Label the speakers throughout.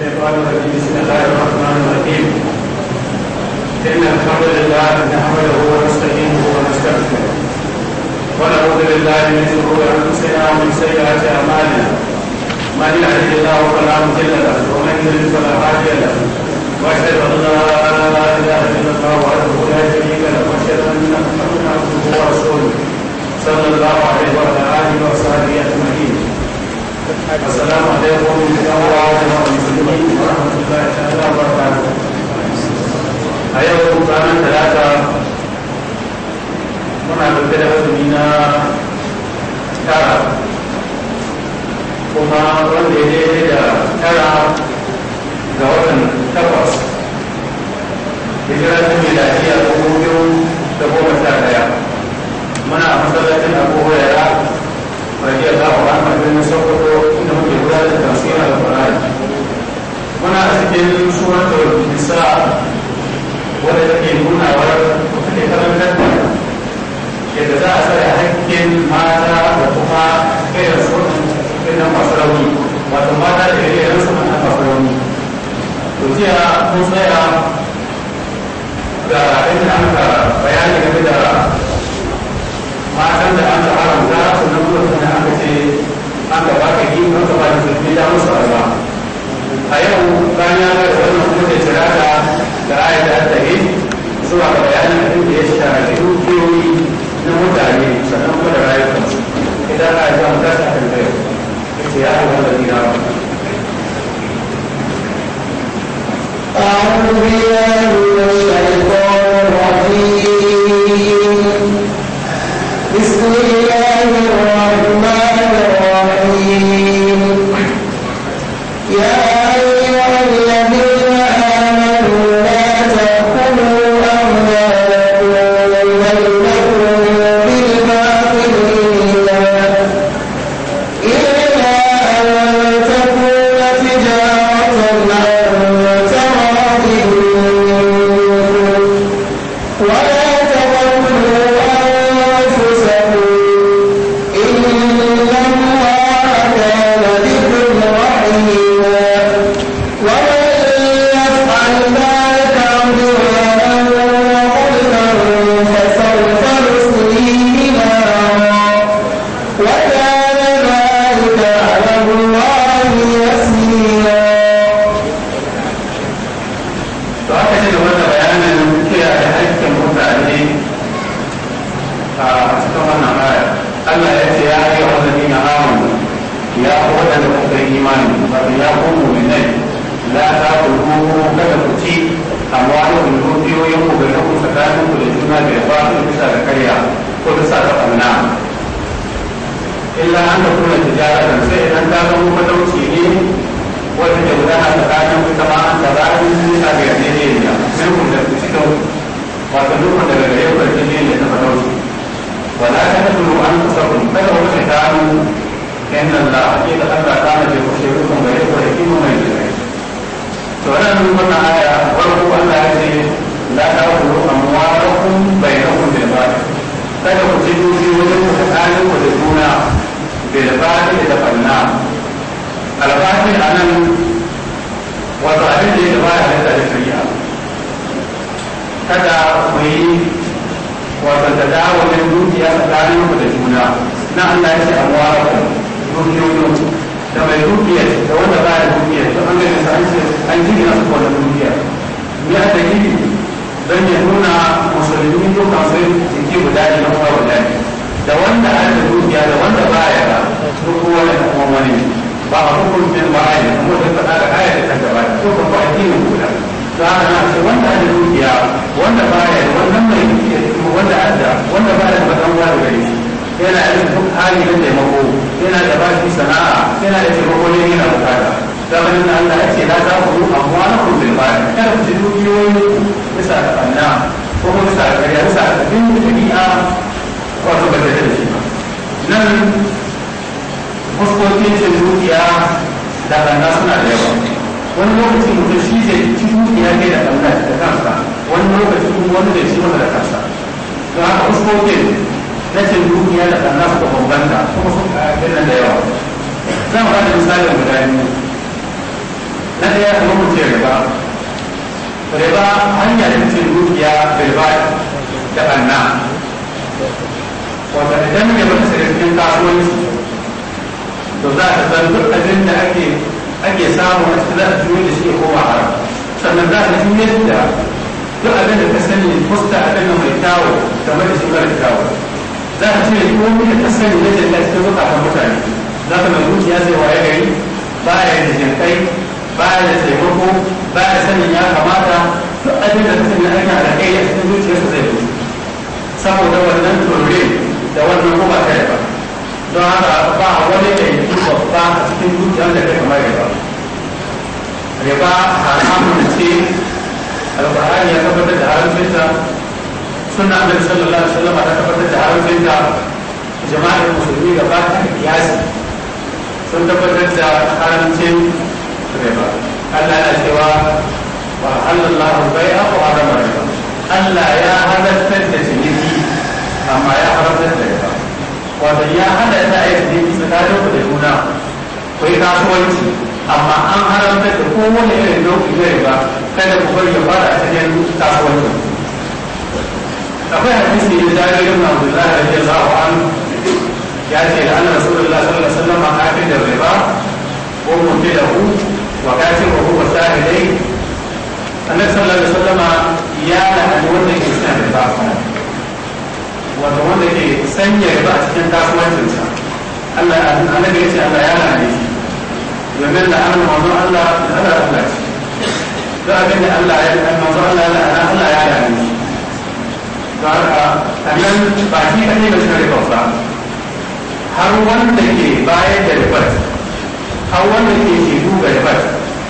Speaker 1: الشيطان الرجيم بسم الله الرحمن الرحيم إن الحمد لله نحمده ونستعينه ونستغفره ونعوذ بالله من شرور أنفسنا ومن سيئات أعمالنا من يهده الله فلا مضل له ومن يضلل فلا هادي له وأشهد أن لا إله إلا الله وحده لا شريك له وأشهد أن محمدا عبده ورسوله صلى الله عليه وعلى السلام عليكم ورحمة الله تعالى وبركاته أيوة كان ثلاثة muna ɗauke da azumi na tara kuma wanda ya daidai da tara ga watan takwas ya jira ta miladiya ko biyu da رضي الله عنه بن سقط انه في ذلك تفسير القران هنا اسجل سوره النساء ولا تكلمون ولا تكلمون yadda za a tsaya hakkin mata da kuma kai su irin masu rauni wato mata da yake ga inda an bayani game da matan da an gida musu arba a yau rana ya da wannan kuma da tirata da ayat da haddari zuwa ga bayanin da ya shafi dukiyoyi na mutane sannan kuma da rayukansu idan a yi zama masa mai zuciya sai waye gari ba ya da kai ba ya da taimako ba ya sanin ya kamata duk abin da kasan aiki a da kai ya cikin su zai zuci saboda wannan turure da wannan kuma ta yaba don haka ba wani da yake babba a cikin zuciya da kai kamar yaba riba haramun ce alfahari ya tabbatar da haramcinta suna annabi sallallahu alaihi wasallam ta tabbatar da haramcinta jama'ar musulmi gaba ta kiyasi sun tabbatar da haramcin riba Allah yana cewa wa halallahu bai'a wa harama riba Allah ya halartar da ciniki amma ya haramtar da riba wato ya halatta a yi ciniki tsakanin ku da juna ku yi kasuwanci amma an haramtar da kowane irin nau'i na riba kada ku bari ya fara a cikin kasuwanci akwai hadisi da dalilin Abdullahi radiyallahu anhu ya ce da annan rasulullah sallallahu alaihi wasallam kafin da riba ko mutu da hu wa kafin wa huwa sahidai annabi sallallahu alaihi wasallam ya la'ani wanda ke san riba wato wanda ke sanya riba a cikin kasuwancinsa Allah annabi ya ce Allah ya la'ani shi domin la'anar manzon Allah da Allah Allah ce duk abin da Allah ya la'ana manzon Allah ya la'ana Allah ya na la'ani shi don haka annan ba shi kaɗai da shi riba ba har wanda ke bayar da ribar har wanda ke ke duba ribar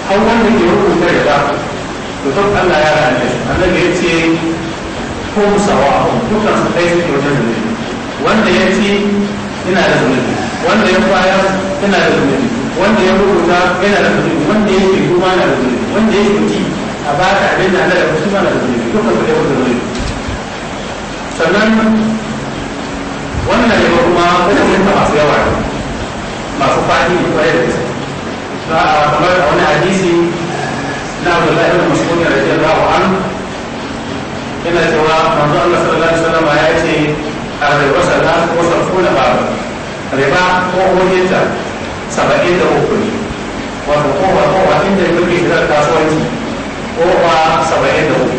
Speaker 1: har wanda ke rubuta riba to duk Allah ya rana shi annabi ya ce ko sawa a dukkan su kai suke wajen zunubi wanda ya ci yana da zunubi wanda ya bayar yana da zunubi wanda ya rubuta yana da zunubi wanda ya ke ma na da zunubi wanda ya ke ci a baka abin da Allah ya rubuta ma na da zunubi dukkan su kai wajen zunubi sannan amfani kwarai da gaske a kamar a wani hadisi na abdullahi ibn mas'ud radiyallahu yana cewa manzo Allah sallallahu alaihi wasallam ya ce arriba riba ko hujjata saba'in da uku ne wato kowa inda ya kasuwanci kowa saba'in da uku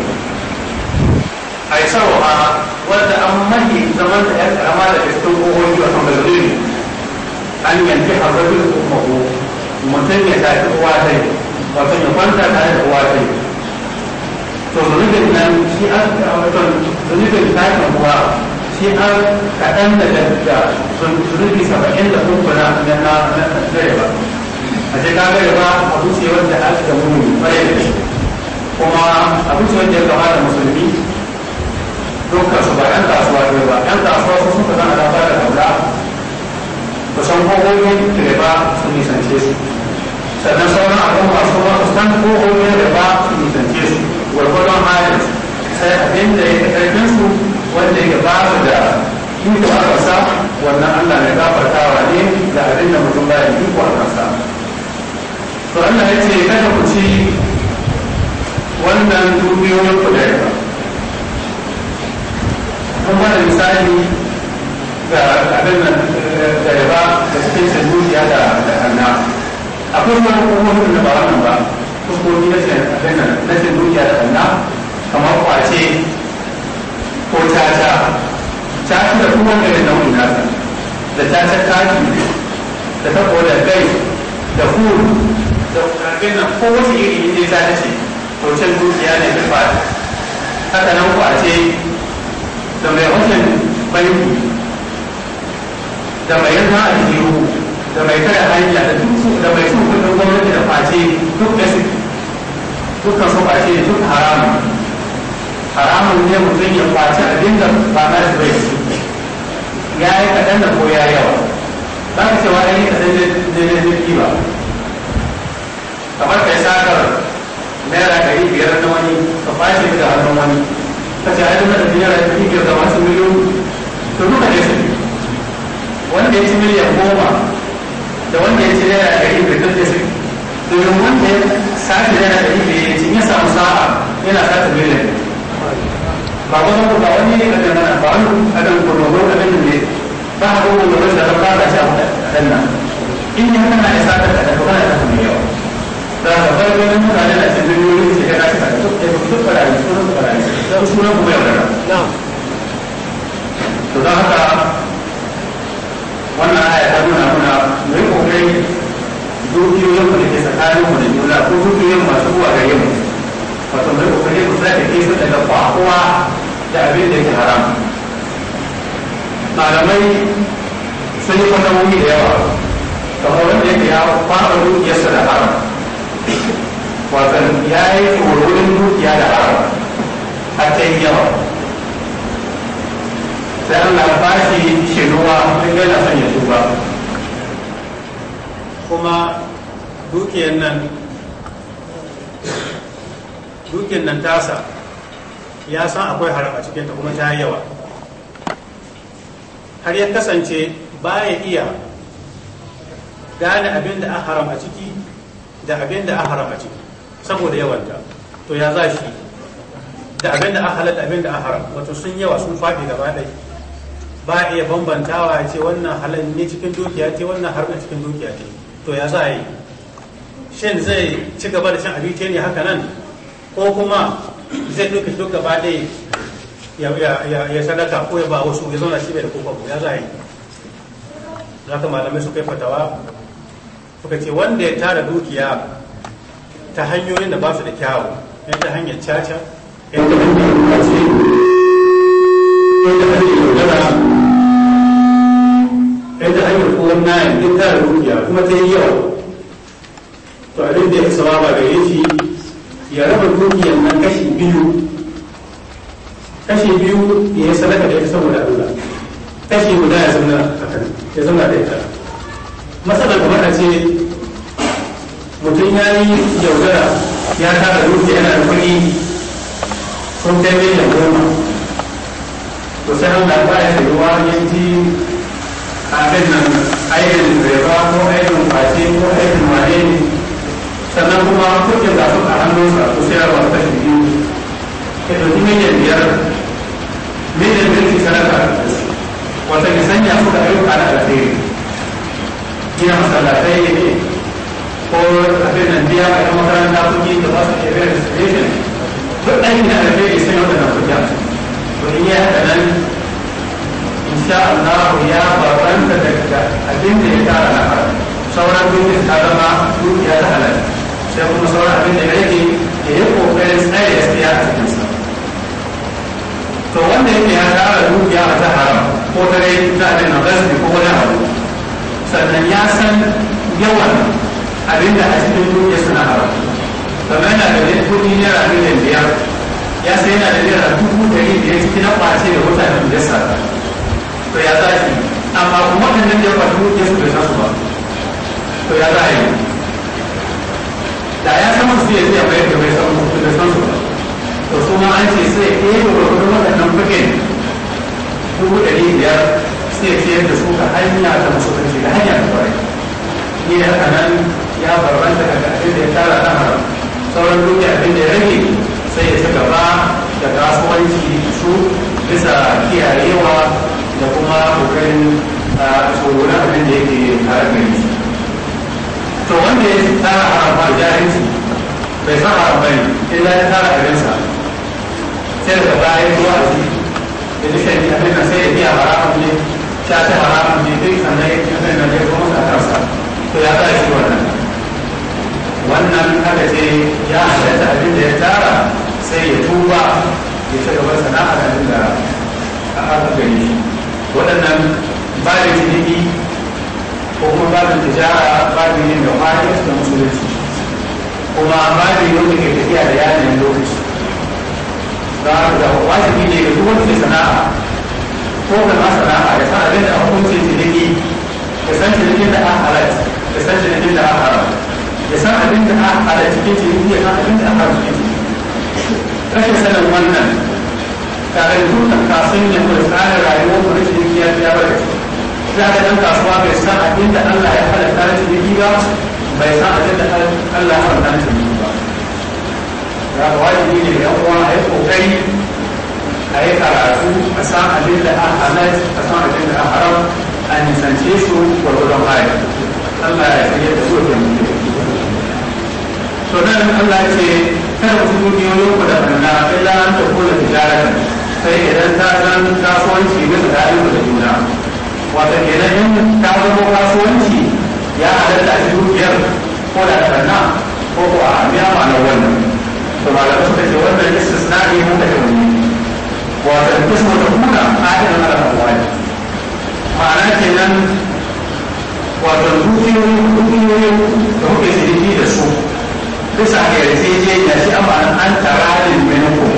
Speaker 1: a yi sarwa wanda an mahi zaman da ya karama da fitin kohohi a an yanki hazardin umaru mutum ya tafi uwa ta wato ya kwanta tare da uwa ta to zunubin nan shi an zunubin uwa shi an kaɗan da da zunubi saba'in da na na na a ce ka gare ba wanda muni da shi kuma wanda ya da musulmi su ba 'yan kasuwa ne ba 'yan kasuwa su suka zana da ba da ku san da ba su nisance su sannan sauran abin masu ba su san da ba su nisance su gwargwadon halin sai abin da ya karfin su wanda ya ba su da iko a kasa wannan allah mai gafartawa ne da abin da mutum baya iko a kasa to allah ya ce kada ku ci wannan dubiyoyin ku da riba kuma da misali ga abin nan san zuciya da da kanna akwai wani hukumomin da ba wannan ba hukumomi na san abin nan na san zuciya da kanna kamar kwace ko caca caca da kuma da nau'in nasa da caca taki da saboda gai da huru da abin nan ko wasu iri ne ta ce to can zuciya ne da fata haka nan kwace da mai wajen banki da mai yana a jiru da mai tare hanya da da mai cin kudin gwamnati da face duk da suke dukkan su face duk haramun haramun ne mutum ya face abin da ba na shi bai su ya yi kaɗan da ko ya yawa za ka cewa ya yi kaɗan daidai zai ba kamar kai sakar naira ɗari biyar na wani ka fashe da hannun wani ka ce a yi da biyar da ɗari biyar da masu miliyoyi to duka ne su wanda ya ci miliyan goma da wanda ya ce yana da ɗari bai kafe su domin wanda ya sace yana da ɗari bai ce ya samu sa'a yana sace miliyan ba wani ba wani ne kaɗan nan ba wani kaɗan ko dogo kaɗan ne ba a kowane dogon da ba ba shi a kaɗan nan in yi ya kana da ba da ba haka wannan aya ta nuna muna mu yi kokari dukiyoyin mu da ke tsakanin mu da juna ko dukiyoyin masu zuwa gare mu wato mu yi kokari mu tsaya ke su daga kwakuwa da abin da yake haram malamai sun yi fatawoyi da yawa kamar wanda yake ya fara dukiyarsa da haram wato ya yi tsoron dukiya da haram a ta yi yawa sai Allah ba shi shiruwa in yana son ya tuba kuma dukiyar nan dukiyar nan tasa ya san akwai haram a cikinta kuma ta yawa har ya kasance ba ya iya gane abin da an haram a ciki da abin da an haram a ciki saboda yawanta to ya za shi da abin da an halatta abin da an haram wato sun yawa sun faɗi gaba ɗaya ba iya bambantawa ya ce wannan halal ne cikin dukiya ce wannan harkar cikin dukiya ce to ya za a yi shin zai ci gaba da cin abinci ne haka nan ko kuma zai duka duka ba dai ya sadaka ko ya ba wasu ya zauna shi bai da kofa ya za a yi za ka malamai su kai fatawa suka ce wanda ya tara dukiya ta hanyoyin da ba su da kyawu ya ta hanyar caca ya ta hanyar kwace ya ta hanyar yaudara inda hanyar yi kowar nayan duk tara rukiya kuma ta yi yawa to abin da ya fi sawaba gare shi ya raba rukiyar nan kashi biyu kashi biyu ya yi sadaka da ita saboda Allah kashi guda ya zama a kan ya ta da ita masalar kamar a ce mutum ya yi yaudara ya tara rukiya yana da kuɗi sun kai miliyan goma to sai da ba ya ruwa yanki abin nan aikin zirga ko aikin kwace ko aikin waje ne sannan kuma kuke za su a ko su sayarwa ta shi biyu ka miliyan biyar miliyan biyar ki sadaka da wata ki sanya su da ayyuka na alheri gina masallatai ne ko abin nan biya a yan makaranta kuɗi da ba su ke biyan duk ɗan gina alheri sai wata na kuɗi to in yi haka nan insha Allah ya babanta daga abin da ya tara na fara sauran dukkan ta zama dukiya da halal sai kuma sauran abin da yake da ya kokarin tsaye ya tsaya a cikin sa to wanda yake ya tara dukiya ta haram ko ta rai ta abin na gasbi ko wani abu sannan ya san yawan abin da a cikin dukiya suna haram kamar yana da kudi naira miliyan biyar ya sai yana da naira dubu ɗari biyar cikin na ƙwace da mutanen da ya sata to ya za shi amma kuma wannan da ya faɗi ya su bai san su ba to ya za yi da ya san su ya zai bayar da bai san su bai san su ba to su ma an ce sai ya yi da kuma waɗannan bukin dubu ɗari biyar sai ya ciyar da su ka hanya ta musu kanci da hanya ta kwarai ni da haka nan ya barbanta daga abin da ya tara na haram sauran duniya abin da ya rage sai ya ci gaba da kasuwanci su bisa kiyayewa da kuma kokarin tsoron abin da yake tare da shi to wanda ya tsara harafa da jahilci bai san haram bane illa ya tsara abinsa sai da ba ya zuwa a ji da dukkan ji abin sai ya biya haramun ne ta ta haramun ne duk sannan ya ce zai da ya zo masa kansa to ya tsara shi wannan wannan haka ce ya halatta abin da ya tara sai ya tuba ya ci gaba sana'a da abin da aka gani shi waɗannan babin ciniki ko kuma babin tijara babin yin da hajjiyar da musulunci kuma yin da ke tafiya da yanayin lokaci za a da wajibi ne da duk wani sana'a ko da ma sana'a ya san abin da hukuncin ciniki ya san cinikin da an halatta ya san cinikin da an haramta ya san abin da an halatta cikin ciniki ya san abin da an haramta cikin ciniki rashin sanin wannan karatu duka kasan yanzu da tsarin rayuwar mu rashin dukiya ya bari za ka dan kasuwa bai san abin da Allah ya halatta na ciniki ba bai san abin da Allah ya halatta na ciniki ba ya ga wajibi ne yan uwa a yi kokari a yi karatu a san abin da an halatta a san abin da haram a nisance su gwargwadon hali Allah ya sanya da su da mu to nan Allah ya ce kada ku dubiyoyin ku da banna illa an ta kula tijaratan sai idan ta zan kasuwanci bisa da ayyuka da juna wata kenan in ta zama kasuwanci ya halatta shi dukiyar ko da sanna ko ko a biya na wannan to malamai suka ce wannan istisna'i mun da wani wata kisma da kuna ayyukan ala kawai ma'ana kenan wato dukiyoyin dukiyoyin da kuke ciniki da su bisa ga yarjejeniya shi amma an tara da menako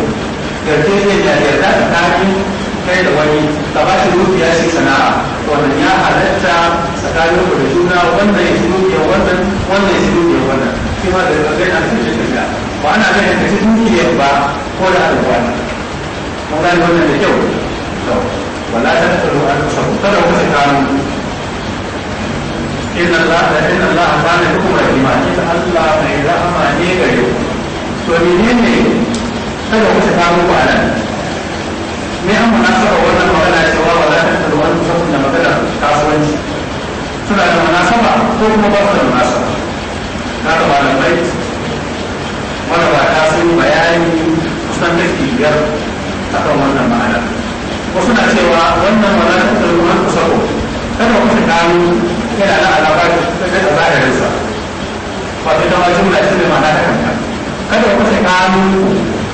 Speaker 1: yarjejiyar da yarda tsakanin kai da wani ka ba shi rufiya shi sana'a wannan ya halatta tsakanin ku da juna wannan ya ci rufiya wannan wannan ya ci rufiya wannan shi ma da zai na cikin cikin da ba ana zai yanka ci dukiyar ba ko da alwa mun gani wannan da kyau to wala ta tsaro an tsaro kada ku tsakanin inna Allah inna Allah kana kuma rahima ita Allah mai rahama ne gare ku to menene kada wuce ta muku a nan me an muna saba wannan magana cewa wa za ta da wani kusa da magana kasuwanci suna da muna saba ko kuma ba su da muna saba na da wanda ba ta sun bayani kusan da ke biyar a kan wannan ma'ana ko suna cewa wannan magana ta da wani kusa ko kada wuce kanu yana da alaƙa da zahirinsa wato ita ma jumla ce mai ma'ana da kanta kada wuce kanu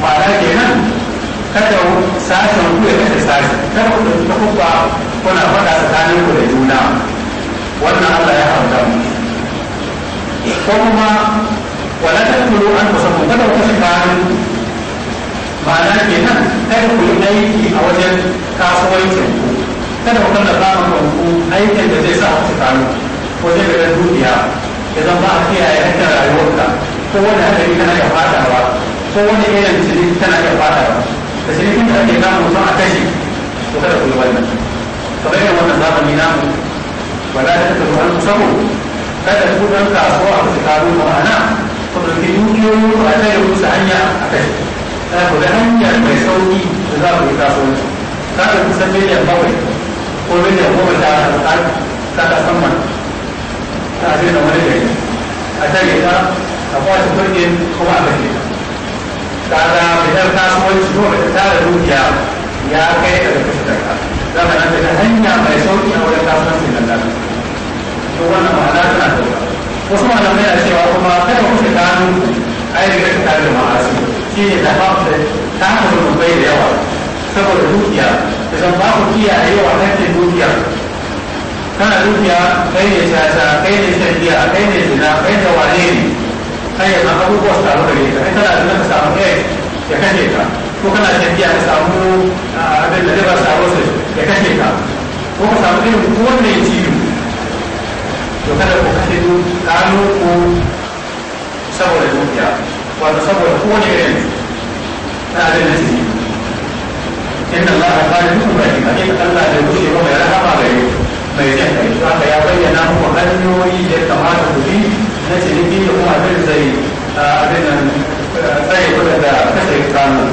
Speaker 1: ma'ana kenan kada sashen ku ya kashe sashen kada ku ɗauki takubba kuna faɗa tsakanin ku da juna wannan Allah ya haramta mu ko kuma wala ta kulu an musamman kada ku kashe kayan ma'ana kenan kada ku yi aiki a wajen kasuwancin ku kada ku kalla tsarin ku aikin da zai sa ku ci kayan wajen da dukiya idan ba a kiyaye hanyar rayuwarka ko wani hadari kana ya fadawa ko wani irin ciniki tana iya fata ba da cinikin kuma ake samu mutum a kashi ko kada ku yi wannan kamar yadda wannan zamani namu ba za ta tafi wani sabo kada ku dan kasuwa ku ci karo ba ana ku dauki dukiyoyi ko a tsaye musu hanya a kashi kada ku da hanyar mai sauki da za ku yi kasuwanci kada ku san miliyan bakwai ko miliyan goma ta kasar ta kasamman ta asirin da wani gari a tare ta a kwashe birnin kuma a kashe ta kaga fitar kasuwanci ko da tara dukiya ya kai da daga fitarka za ka nan da hanya mai sauki a wajen kasuwanci nan da to wannan ma'ana tana da wasu malamai na cewa kuma kada ku shiga hannu ai da kake tare da ma'asi shi ne da babu da taka zunubai da yawa saboda dukiya da zan ba ku kiyaye wa kake dukiya kana dukiya kai ne shata kai ne shan giya kai ne zina kai ne wane ne sai ya samu abubuwa su taru gare ka in kana da ka samu ɗaya ya kashe ka ko kana tafiya ka samu abin da ba samu su ya kashe ka ko ka samu irin ko wanda ya ciwo to kada ku kashe ɗano ko saboda dukiya wato saboda kowane irin na abin da ciki inna Allah ta bada duk mai hakika Allah da wuce wa mai rahama gare mai jan kai to haka ya bayyana muku hanyoyi da kamata ku bi na abin zai abin nan tsaye kuɗa da kasa kanun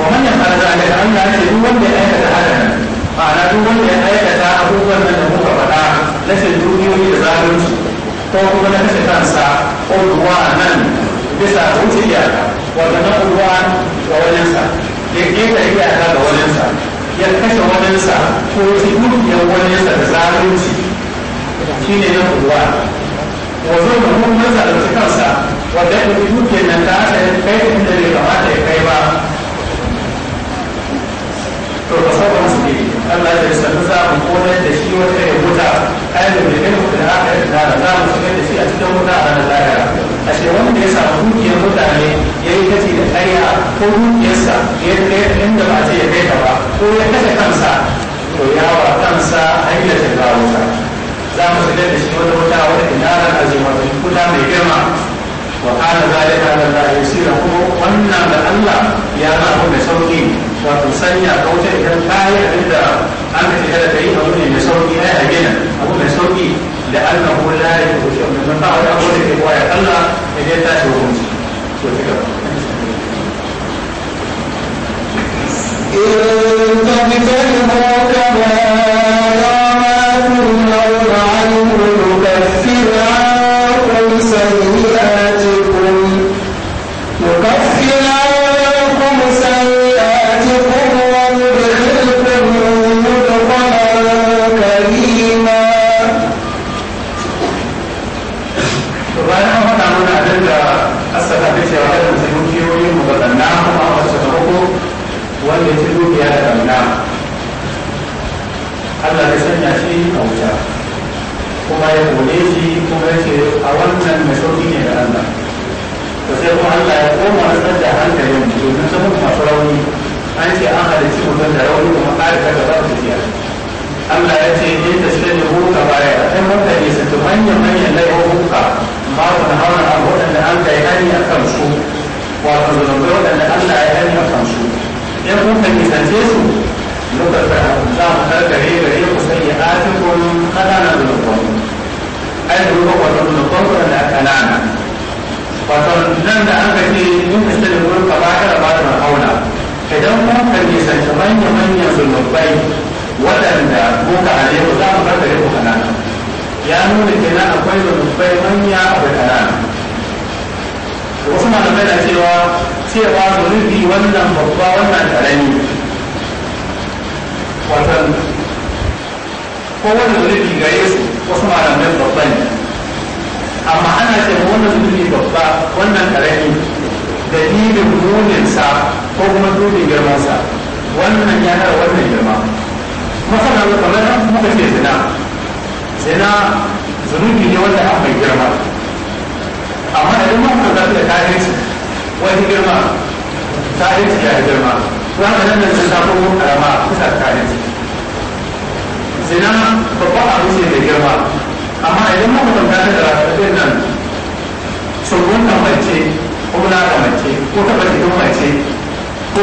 Speaker 1: wannan arza da Allah ya ce duk wanda ya aikata hakan ma'ana duk wanda ya aikata abubuwan nan da muka faɗa na shin duniyoyi da zalunci ko kuma na kashe kansa ko ruwa nan bisa wuce iyaka wanda na ruwa ga wajensa ya keta iyaka ga wajensa ya kashe waninsa ko ci dukiyar waninsa da zalunci shi ne na kowa wazo da mun mazalunci kansa wadda ya fi dukiyar nan ta haka ya kai inda bai kamata ya kai ba to ba saboda Allah ya sanu za mu komai da shi wata ya wuta ayyukan da kai mutu da aka yi da za mu shigar da shi a cikin wuta a ranar lahira a ce wanda ya samu dukiyar mutane ya yi kaci da ƙarya ko dukiyarsa ya kai inda ba zai ya kai ta ba ko ya kashe kansa to ya wa kansa hanyar da ba wuta za mu shigar da shi wata wuta wata inarar azimatin kuta mai girma wa kana zalika ala Allah wannan da Allah ya na da sauki wato sanya ta wuce idan ta yi abin da an ka shiga ta yi abu ne mai sauki na ya gina abu mai sauki da Allah ko la ya wuce wannan ba wani abu da ke koya Allah ya je ta shi hukunci to ci gaba إن تبتغوا كما يرى ما تنهون عنه نكفر عنكم سيئات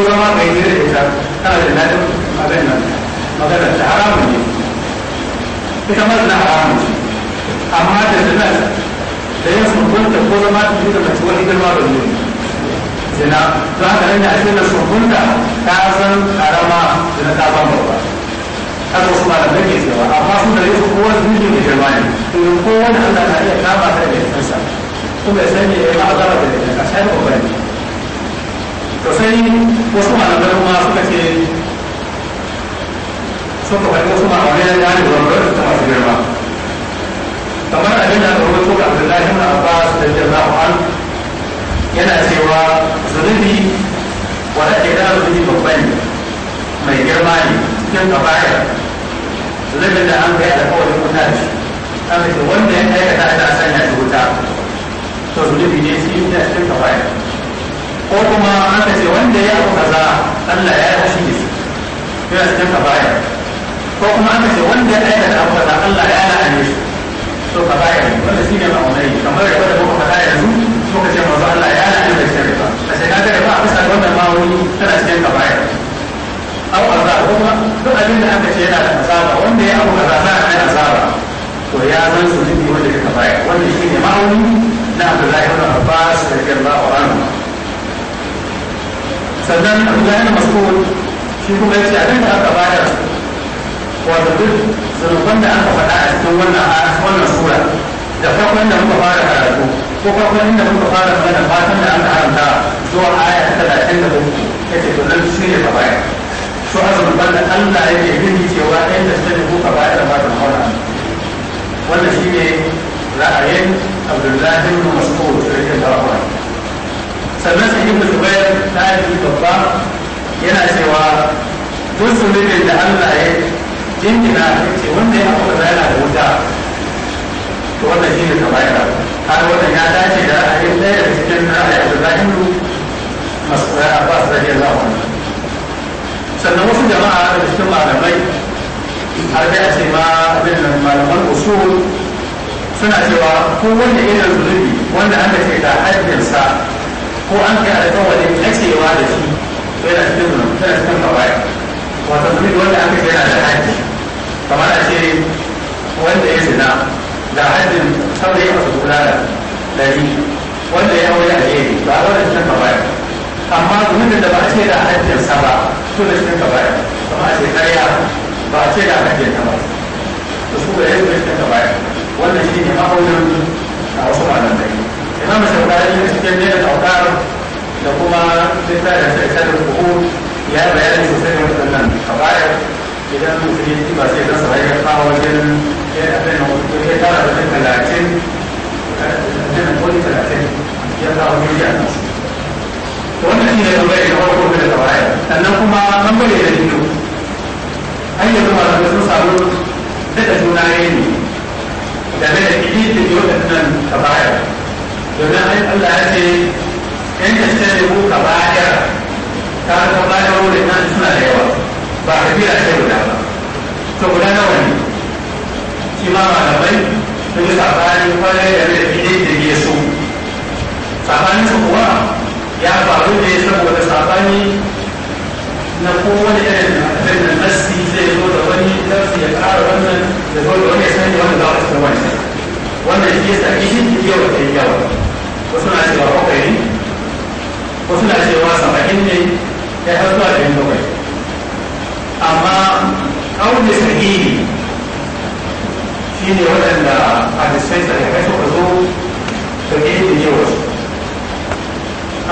Speaker 1: zama mai ne da ita tana da nadin abin nan magana ta haramun ne ita ma zina haramun ce amma da zina da yin sunkunta ko zama ta fi da mace wani girma da ne zina to ka nan da ake da sunkunta ta san karama zina ta ban babba haka wasu malamai ke cewa amma sun da yin kowane zuwa da girma ne kowane allah na iya kama ta da ya kansa kuma ya sani ya yi ma'azara da ya kasa ya babba ne to sai wasu malamai kuma suka ce kuma faɗi wasu malamai na ne wanda su ta masu girma kamar abin da aka rubuto ga Abdullahi ibn Abbas da a an yana cewa zunubi wanda ke da zunubi babban mai girma ne cikin kabaya zunubin da an kai alƙawarin wuta shi an ce wanda ya aikata ana sanya shi wuta to zunubi ne shi ne cikin kabaya ko kuma aka ce wanda ya abu kaza Allah ya yi shi to ya cikin kabaya ko kuma aka ce wanda ya aikata abu kaza Allah ya la'ane shi to kabaya wanda shi ne ma'aunai kamar yadda da muka faɗa yanzu ka ce manzo Allah ya la'ane da shi ba a sai kaga ba a bisa wannan ma'auni tana cikin kabaya abu kaza ko kuma duk abin da aka ce yana da azaba wanda ya abu kaza za a kai azaba to ya zan su zubi wanda ya kabaya wanda shi ne ma'auni na Abdullahi ibn Abbas radiyallahu anhu sannan abdullahi masu mas'ud shi kuma ya ce abin da aka bada wato duk zunuban da aka faɗa a cikin wannan a wannan sura da farkon da muka fara karatu ko farkon inda muka fara magana fatan da aka haramta zuwa aya ta talatin da uku ya ce to nan shi ne kabaya su a zunuban Allah ya ke gini cewa ɗayan da suka ko kabaya da ba ta maura wannan shi ne ra'ayin abdullahi na mas'ud da ya ke sannan sai ibn zubair tabi'i babba yana cewa duk zunubin da Allah ya jingina ce wanda ya haɓa da yana da wuta to wannan shi ne kabaira har wannan ya dace da ra'ayin ɗaya daga cikin ra'ayi Abdullahi ba su Abbas radiyallahu anhu sannan wasu jama'a da cikin malamai har da a ce ma abin nan malaman usul suna cewa ko wanda irin zunubi wanda aka ce da hajjinsa ko an ka da kacewa da shi yana cikin nan tana cikin kawai wato kuma wanda aka ce yana da haji kamar a ce wanda ya zina da hajjin saboda ya masa gona da dari wanda ya aure a yeri ba a wannan cikin kawai amma zunubin da ba a ce da hajjin sa ba su da cikin kawai kamar a ce karya ba a ce da hajjin sa ba su da su da cikin kawai wannan shi ne ma'aunin a wasu malamai imam saurari cikin ne da taukar da kuma littafin sai sai da kuhu ya yi bayani sosai da waɗannan kabayar idan mutum ya ci ba sai da saurari ya kawo wajen ya yi abin da mutum ya tara da talatin da eh, koli talatin ya kawo miliya na su wannan shi ne tambayar da farko da kabayar sannan kuma tambayar da biyu an yi zuwa da sun samu daga juna ne game da kididin yau da nan kabayar domin ai Allah ya ce in ka ce ne ku ka bayar ka ka bayar wurin nan suna da yawa ba ka biya ce guda ba to guda nawa ne shi ma bai sun yi sabani kwarai da rai da da ya so sabanin su kuwa ya faru ne saboda sabani na kowane irin da nasi zai zo da wani nasi ya kara wannan da zo da wani ya sanya wani za a cikin wani wannan shi ya sa ishin yawa da yawa wasu na cewa bakwai ne wasu na cewa saba'in ne ya har zuwa ɗari bakwai amma kawun da sahihi shi ne waɗanda a dispensa ya kai suka zo da ke da ne wasu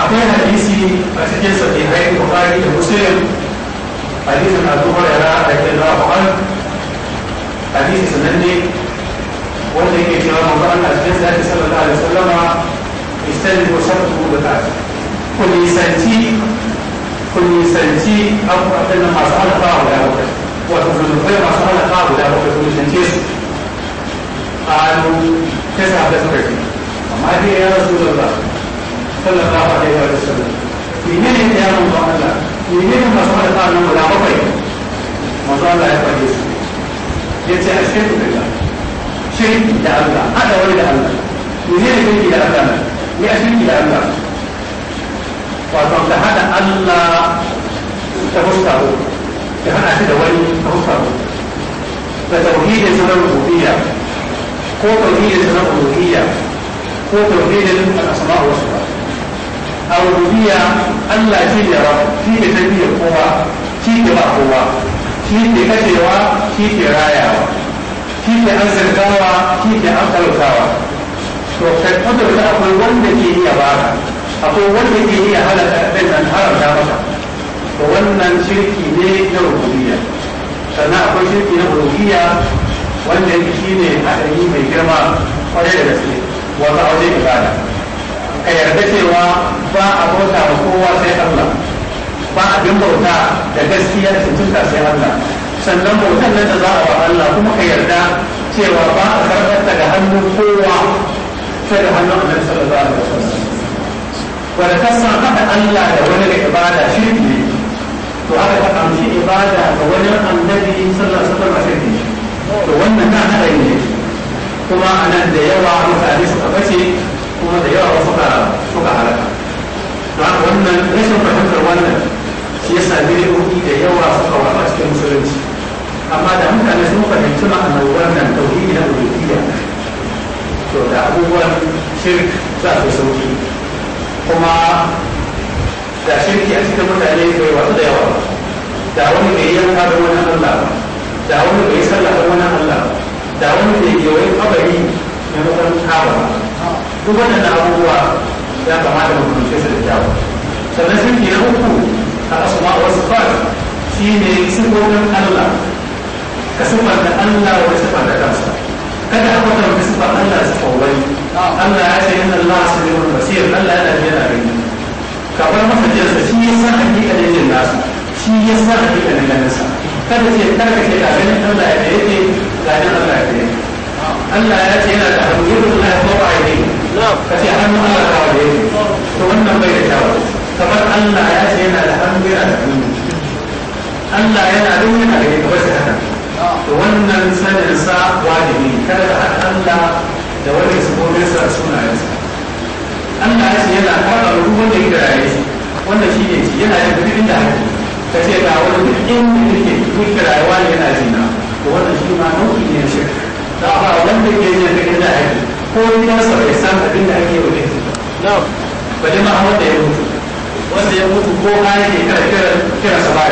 Speaker 1: akwai hadisi a cikin sahihai bukari da muslim hadisin abu ke radiyallahu bakwai hadisi sananne wanda yake cewa manzo Allah cikin sallallahu alaihi wasallama istani ko sabta ko da ku nisanci ku nisanci abubuwan masu halaka guda bakwai wato zunubai masu halaka guda bakwai ku nisance su a hannu ta sahabda suka ce amma dai ya rasu da ba sallallahu alaihi da sallam menene ne ya mun ba Allah menene masu halaka nan guda bakwai masu Allah ya faɗe su yace a shirku billah da Allah hada wani da Allah menene da Allah ya shirki da Allah wato ta hada Allah ta huska ta hada shi da wani ta huska da tauhidin sanar rububiyya ko tauhidin sanar uluhiyya ko tauhidin al-asma' wa sifat a rububiyya Allah shi ne rabu shi ne tafiya kowa shi ne ba kowa shi ne kashewa shi ne rayawa shi ne arzikawa shi ne amtalutawa to kai kudurta akwai wanda ke iya baka akwai wanda ke iya halaka ɗin nan haramta maka to wannan shirki ne na rububiyya sannan akwai shirki na rububiyya wanda yake shi ne haɗari mai girma kwarai da gaske wata aure ibada ka yarda cewa ba a bauta ma kowa sai Allah ba abin bauta da gaskiya da tuntunta sai Allah sannan bautan nan da za a ba Allah kuma ka yarda cewa ba a karɓar daga hannun kowa ta da hannun annabi Allah da wani da ibada shirki ne to ka amshi ibada ga wani annabi sallallahu alaihi wasallam to wannan ne kuma da yawa mutane suka bace kuma da halaka wannan rashin fahimtar wannan shi yasa da yawa suka cikin musulunci amma da mutane sun fahimci ma'anar wannan tauhidi na ubudiyya to da abubuwan shirk za su sauki kuma da shirki a cikin mutane bai wasu da yawa da wani bai yi da wani Allah ba da wani bai sallah da wani Allah da wani bai yawai kabari na mutan kawa duk wannan abubuwa ya kamata mu kunce su da kyawu sannan shirki na uku a asma wa sifat shine sifofin Allah ka sifar da Allah wani sifar da kansa kada a kwata wata sifa Allah da sifa wani Allah ya ce yana Allah su ne wani basir Allah ya da yana gani ka bar masa jinsa shi ya san hakika da jin nasu shi ya san hakika ganin sa kada ce kada ce ga ganin Allah ya yake ga ganin Allah ya yake Allah ya ce yana da hannu yadda Allah ya kowa ya yake ka ce hannu Allah ya to wannan bai da kyawu kamar Allah ya ce yana da hannu yana da hannu Allah yana da yana da yake to wannan sanin sa wajibi kada ka Allah da wani sabobin sa sa Allah ya ce yana fara ruwan wanda ya da yayi wanda shi ne ci yana yin duk inda yake ka ce ga wani duk inda yake duk kirayewa ne yana na to wannan shi ma nau'i ne shi da ba wanda yake yin duk inda haƙi ko gidansa bai san abin da ake yi ba bari ma wanda ya mutu wanda ya mutu ko kayan ke kira kira sa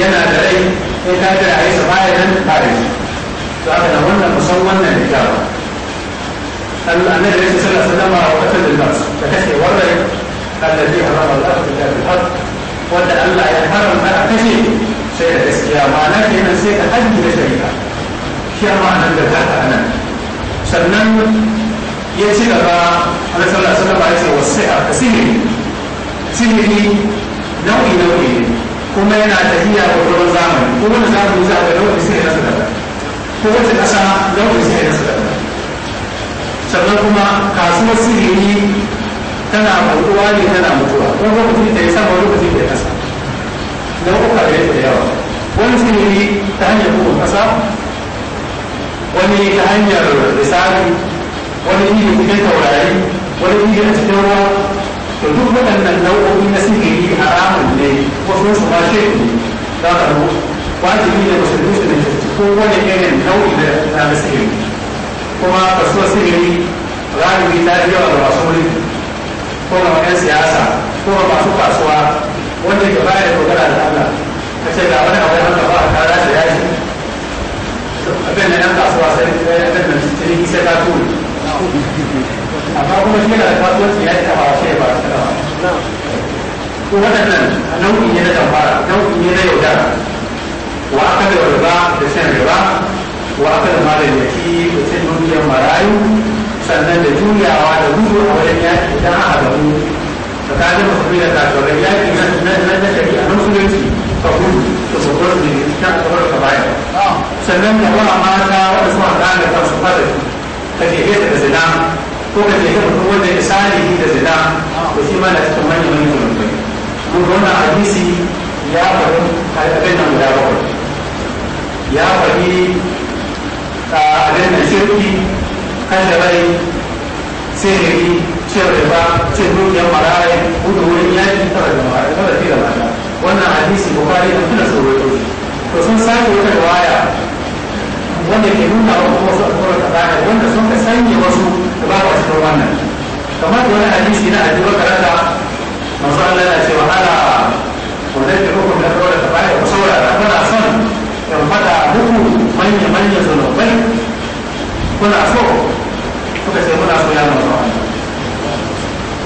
Speaker 1: yana da rai sai ta jira a yi sa baya nan ta da shi za ka da wannan kusan wannan da jawa annabi ya ce sallallahu alaihi wasallam wa da nas da kashe wannan alladhi harama Allah fi ta haqq wanda Allah ya haramta a kashe sai da gaskiya ma'ana kenan sai ka hajji da shari'a shi ma nan da ta nan sannan ya ci gaba ana sallallahu alaihi wasallam ya ce wasu sai wasi'a kasiri sihiri nau'i nau'i ne kuma yana tafiya da kuma zamani kuma da zamani za ga lokaci sai na daga ko wata kasa lokaci sai na daga sannan kuma kasuwar sirri tana mutuwa ne tana mutuwa wani lokaci da ya sama lokaci da ya kasa da kuka da yake da yawa wani sirri ta hanyar kuma kasa wani ta hanyar risali wani inda cikin taurari wani inda cikin ruwa to duk waɗannan nau'o'i na sihiri haramun ne wasu su ma shirku ne za ka rubu wajibi ne musulmi su ne ko wani irin nau'i da na yi kuma kasuwar yi galibi ta yi yawa da masu mulki ko ga wani siyasa ko ga masu kasuwa wanda ke baya da dogara da Allah ka ce ga wani abu haka ba ka rasa yaji abin da ɗan kasuwa sai ya ɗan da cikin sai ka tuni amma kuma shi yana da kasuwanci ya yi ta ba shi ba shi ba waɗannan nau'i ne na damfara nau'i ne na yaudara wa aka da riba da shan riba wa aka da malam yaki da cin dukiyar marayu sannan da juyawa da gudu a wajen yaki idan aka gamu tsakanin musulmi da kasuwar yaki na na shari'a na musulunci ka gudu da babbar da ne ta kamar ka baya sannan da wa mata waɗanda suna ƙara kansu fara ta ke da zina ko ka je ka fito wanda ya salihi da zina to shi ma na cikin manyan manyan zunubai kuma wannan hadisi ya faru abin nan guda bakwai ya faɗi abin nan shirki kan da rai sihiri cin riba cin dukiyar marayi gudu wurin yaki tara da marayi tara da mata wannan hadisi bukari da kuna tsoro to sun sake wata riwaya wanda ke nuna wa wasu alƙawar da wanda sun ka sanya wasu su ba ka cikin wannan kamar da wani hadisi na ajiyar karata masu Allah na cewa ala wadanda ya hukunta kawai da baya ku saurara kuna son in faɗa muku manya-manyan zunubai kuna so suka ce muna so ya masu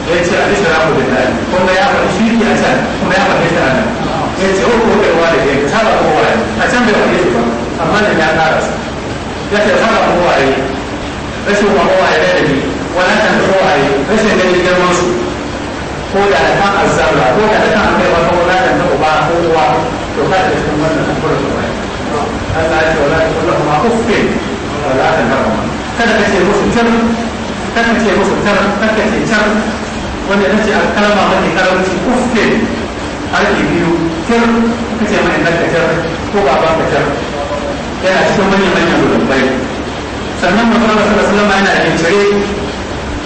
Speaker 1: ya ce a bisa ramu da dani kuma ya faɗi shiri a can kuma ya faɗi shi a nan ya ce o oh, kuma kaiwa da eh, ya ta ba kowa a can bai faɗi shi ba amma da ya ƙara ya ce ta ba kowa rashin kwakwawa ya da ne wani kan da kowa yi rashin ganin girman su ko da da kan azzabra ko da da kan kai wata na kan ta ba ko uwa to ka da cikin wannan kufurin da wani Allah ya ce wala ta kula kuma kufin wala ta kama kada ka ce musu can kada ka ce musu can kada ka ce can wanda ta ce a kalma mafi karanci har ke biyu can ka ce mai ka can ko ba ba ka can yana cikin manyan manyan gudun bai sannan mutum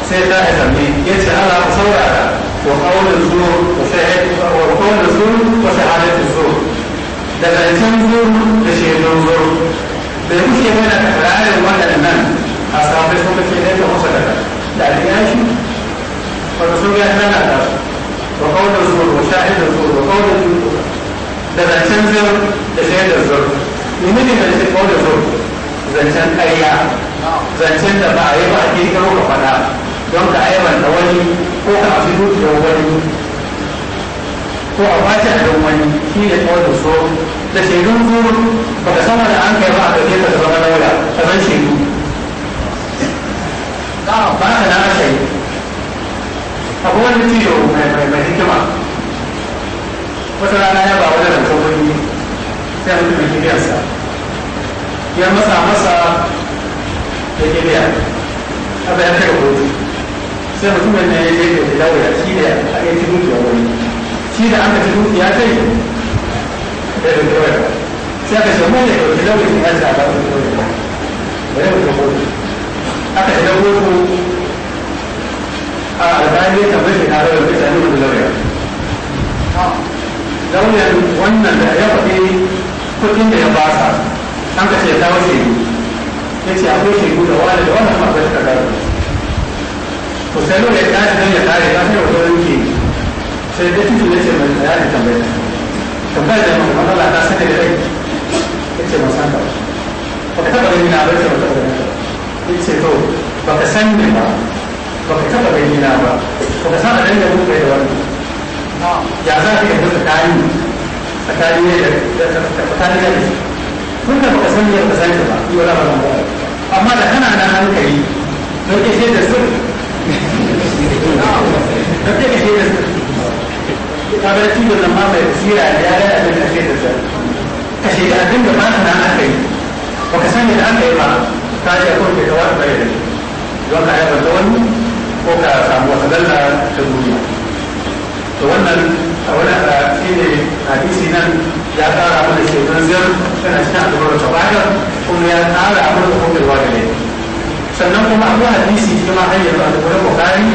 Speaker 1: sai ta ya sami ya ce ana ku saurara ko wa kawalin zuwa wa kawalin zuwa wa shahadatin zo da zancen zo da shaidun zo da kuke mana ranar waɗannan a sabai sun kake ne ta musa daga da aliyashi wata sun ya yana da wa kawalin zuwa wa shahadatin zo ko kawalin zo da zancen zo da zo shaidun zuwa menene zancen kawalin zo zancen ƙarya zancen da ba a yi ba a ƙirƙiro ka faɗa don ka da wani ko ka abu dukiyar wani ko a kwace a wani shi ne kawai da so da shaidun zuru ba ka sama da an kai ba a ɗauke ka da na wuya ka zan shaidu ba ka na shaidu akwai wani tiyo mai hikima wata rana ya ba wani rance wani sai mutum mai kibiyarsa ya masa masa da kibiya abu ya kai kotu sai mutumin ne ya je ga da lauya shi da aka ci dukiya wani shi da aka ci dukiya sai da da lauya sai aka ce mu da da lauya ya ci a ba da lauya ba da da lauya aka ci lauya ko a albani ta bai na lauya bai sami da lauya lauyan wannan da ya faɗi kuɗin da ya ba sa an ka ce ya kawo shaidu ya ce akwai shaidu da wani da wani kuma bai da ku sai nuna ya kare don ya kare ba sai wata wanke sai da titi ya ce mai tsaya da tambaya tambaya da mai matsala ta sani da rai ya ce ba san ba ba ka taɓa gani na ba ce ba taɓa gani ba ya ce to ba ka san ni ba ba ka taɓa gani na ba ka san a danga muka da wani ya za ka yi tsakani tsakani ne da tsakani da shi tun da ba ka san ni ba ka san ni yi wani ba amma da kana nan hankali don ke sai da sun tafiya da ta mai tsira da ya gada abin da ke da sa ka abin da ta nan aka yi ba ka sani da aka yi ba ka ce bai da da ta ne ya kara mana shekaru ziyar ta kuma ya kara mana hukumar sannan kuma akwai hadisi shi ma hanyar yanzu a kuma bukari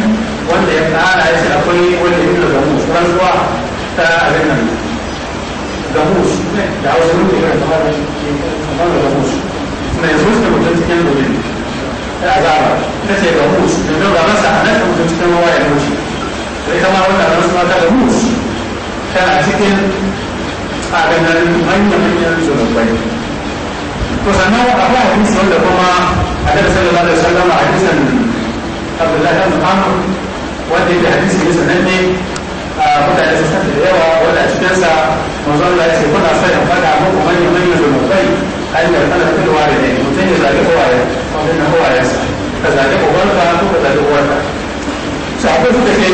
Speaker 1: wanda ya kara ya ce akwai wanda ya da gamus rantsuwa ta abin nan gamus da hausa rufe ya kamar da da gamus na yanzu su ne mutum cikin domin ta azaba ta ce da domin gaba sa a ta mutum cikin mawa ya mushi da ita ma wannan rantsuwa ta gamus tana cikin abin nan manyan manyan zunubai to sannan akwai hadisi wanda kuma annabi sallallahu alaihi wasallam a hadisan abdullahi bin amr wanda da hadisi ne sananne mutane su san da yawa wanda a cikin sa manzo Allah ya ce kuna so in faɗa muku manyan manyan zunubai an da kana da wari ne mutum ya zaɓi kowaye mutum na kowayensa ka zaɓi uwarka ko ka zaɓi uwarka sahabbai suka ce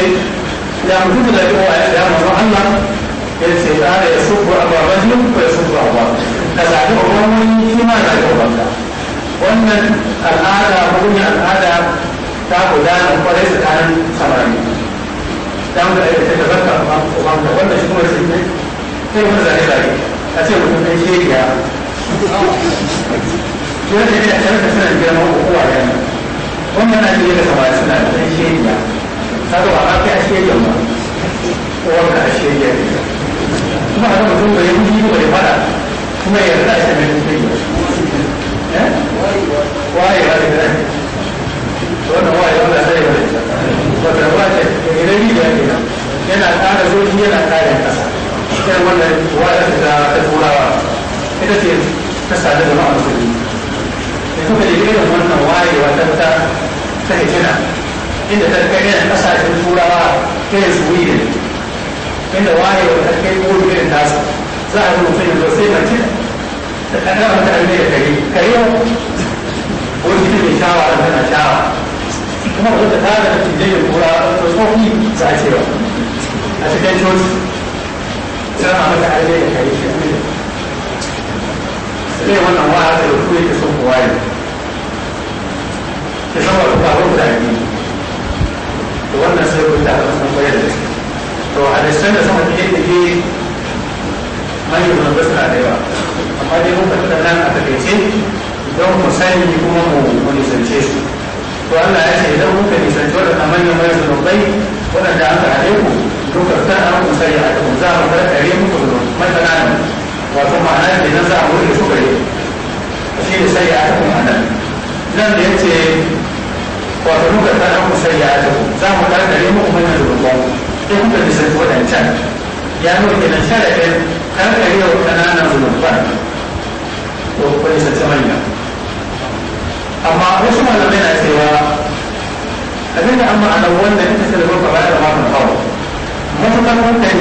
Speaker 1: ya mutum da zaɓi kowayensa ya manzo Allah ya ce ƙara ya subu na zaɓi wannan al'ada mugunya al'ada ta gudana kwarai tsakanin samari ta mu da aiki ta tabbata kuma kuma da wannan shi kuma shi ne sai wani zare zare a ce mutum ɗan shekiya shi ne ne a tsarka suna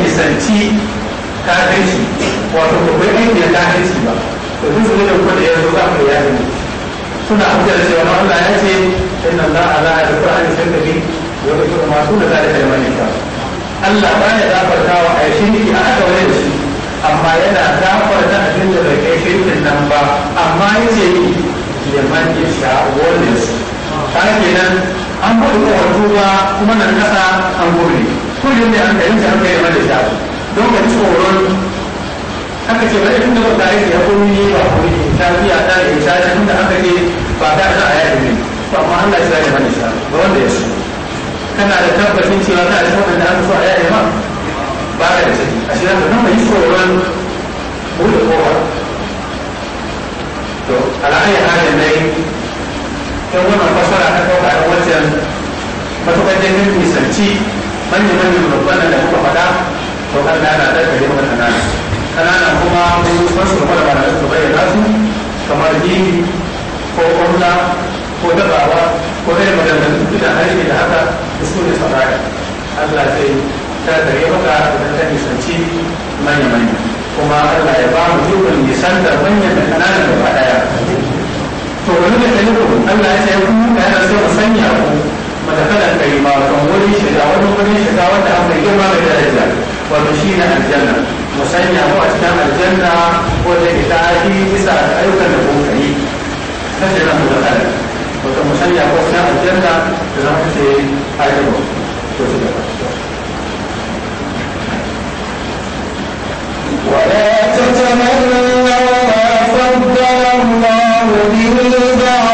Speaker 1: nisanci kafinci wato babban aiki da kafinci ba da duk zuwa da kuma da yanzu za mu yi ne suna hujja da cewa Allah ya ce inna za a da Qur'ani sai kabi wa da kuma masu da zai da mai ta Allah ba ya zafarta wa a shirki a aka wani da shi amma yana a cikin da bai kai shirkin nan ba amma yace liman da wanda shi ta kenan an gudu wa tuba kuma nan kasa an gobe kullum da aka yanke aka yi mata shafi don ka tsoron aka ce ba tun da ba tare da komi ne ba komi ne ta biya ta da ta tun da aka ce ba ta za a yaki ne ba ma Allah ya yi mata shafi ba wanda ya so kana da tabbacin cewa ta da wanda aka so a yaki ma ba ka da ciki a shirin da ba yi tsoron bude kowa to ala'ayyar halin dai ta wannan fasara ta kawo a wancan matuƙar da nisanci manyan manyan babban da muka faɗa to kan da ana da kare mana kanana kuma mun wasu kuma da su bayyana su kamar gini ko ƙwamna ko dabawa ko dai maganganun da harshe da haka da su ne sabaya Allah sai ta kare maka da ta nisanci manya manya kuma Allah ya ba mu dukkan nisantar manyan da kanana da ba to wani da ta yi Allah ya sai ku da ya so sanya ku madakalan karima wajen wurin shiga wani wurin shiga wanda aka yi girma da daraja wato shi na aljanna mu sanya mu a cikin aljanna ko da ke tafi bisa da ayyukan da kuka yi na shirin mu da kare wato mu sanya mu cikin aljanna da za mu ce ayyukan ko su da ولا تتمنوا ما فضل الله به بعض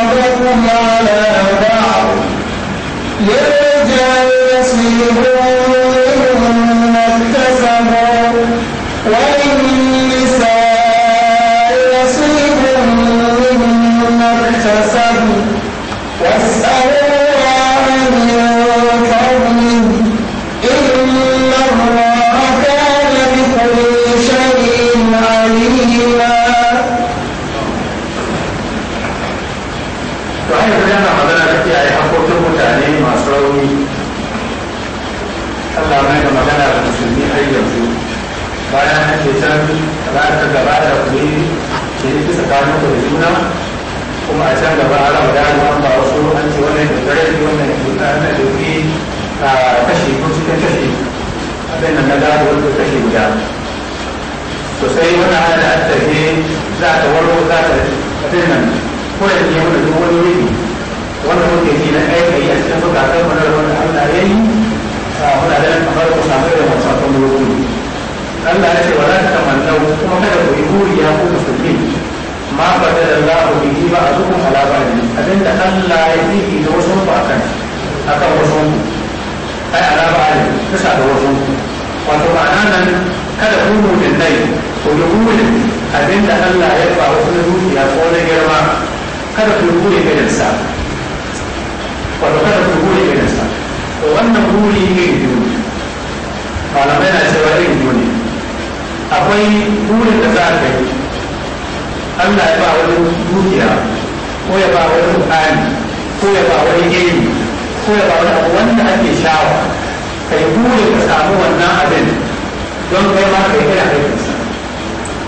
Speaker 1: don kai ma kai kira kai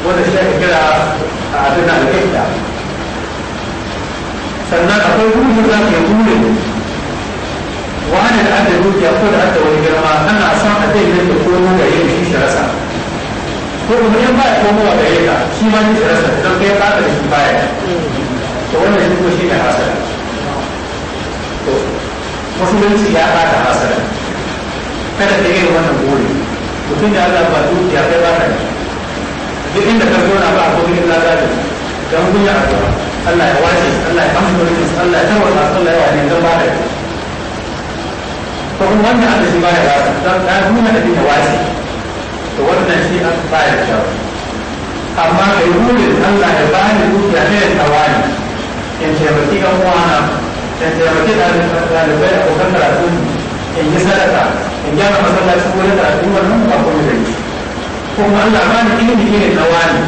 Speaker 1: wanda shi ake kira a abin da da sannan akwai ruhu za ka yi burin wani da aka rukiya ko da ake wani girma ana son a zai ko mun ga yin shi shi rasa ko kuma in baya komowa ga yin ka shi ma shi rasa don kai ba ka da shi baya to wannan shi ko shi ne hasara to musulunci ya ba da hasara kada ka yi wannan burin mutum da Allah ba dukiya kai ba ka duk inda ka zauna ba ko gidan lada da kun yi abuwa Allah ya wace Allah ya amsa mutum Allah ya tawarta Allah ya wani dan ba da to kuma wannan Allah shi ba ya rasa da nuna da ya wace to wannan shi a ba ya kyau amma kai burin Allah ya ba ni dukiya kai ya tawani in taimaki ɗan uwana in taimaki ɗalibai da abokan karatu in yi sadaka in gyara masallaci ko da al'ummar nan ba ko da ni kuma Allah ba ni ilimi irin na wani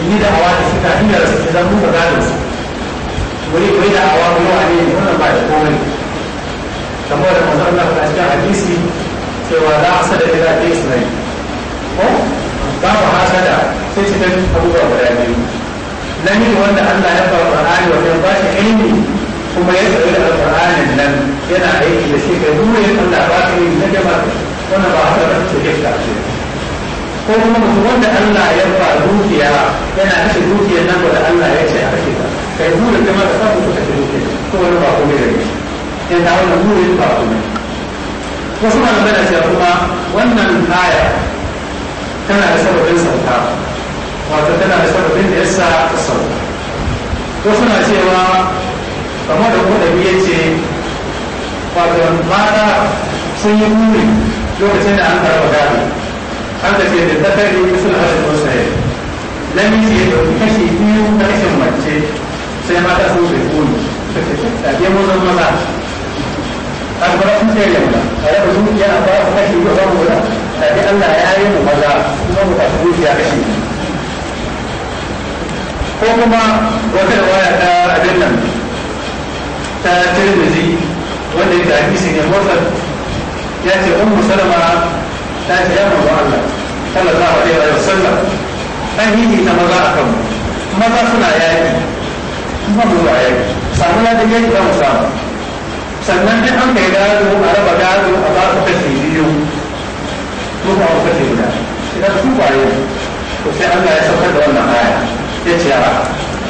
Speaker 1: in yi da hawa da suka inda da suke zan buga gadon su wuri wuri da hawa ko yawa ne wannan ba da komai kamar da manzon Allah ta cikin hadisi cewa za a sada ila da Isra'il ko ba mu hasada sai cikin abubuwa guda biyu namiji wanda Allah ya fara Qur'ani wajen ba shi ilimi kuma ya tsaye da alƙur'anin nan yana aiki da shi ga duniyar Allah ba ka yi na jama'a wannan ba haka ba ta ke tafi ko kuma mutum wanda Allah ya ba dukiya yana kashe dukiya nan da Allah ya ce a kashe ta kai burin ma da samu kuka kashe dukiyar ko wani ba komai da shi yana wannan burin ba komai wasu na bada cewa kuma wannan aya tana da sababin sauka wato tana da sababin da ya sa ta sauka wasu na cewa wasallam mata sun yi nuni lokacin da an karɓa gari an da ce da da sun zakari ko sai wasai namiji ya ɗauki kashi biyu na kashin mace sai mata sun kai buri da ke mazan maza an fara sun ce yamma a yau zuciya a ba kashi biyu ba mu da ke Allah ya yi mu maza kuma mu tafi ya kashi ko kuma wata da waya ta abin nan ta tirmizi wanda ya da sun ne motsa ya ce ummu salama ta ce ya manzo Allah a alaihi wa sallam an yi ta maza a kan maza suna yaki kuma mu ba yaki samu na da yaki mu samu sannan duk an kai gado a raba gado a ba su kashe biyu mu ba mu kashe guda idan su ba yau to sai Allah ya saukar da wannan aya ya ce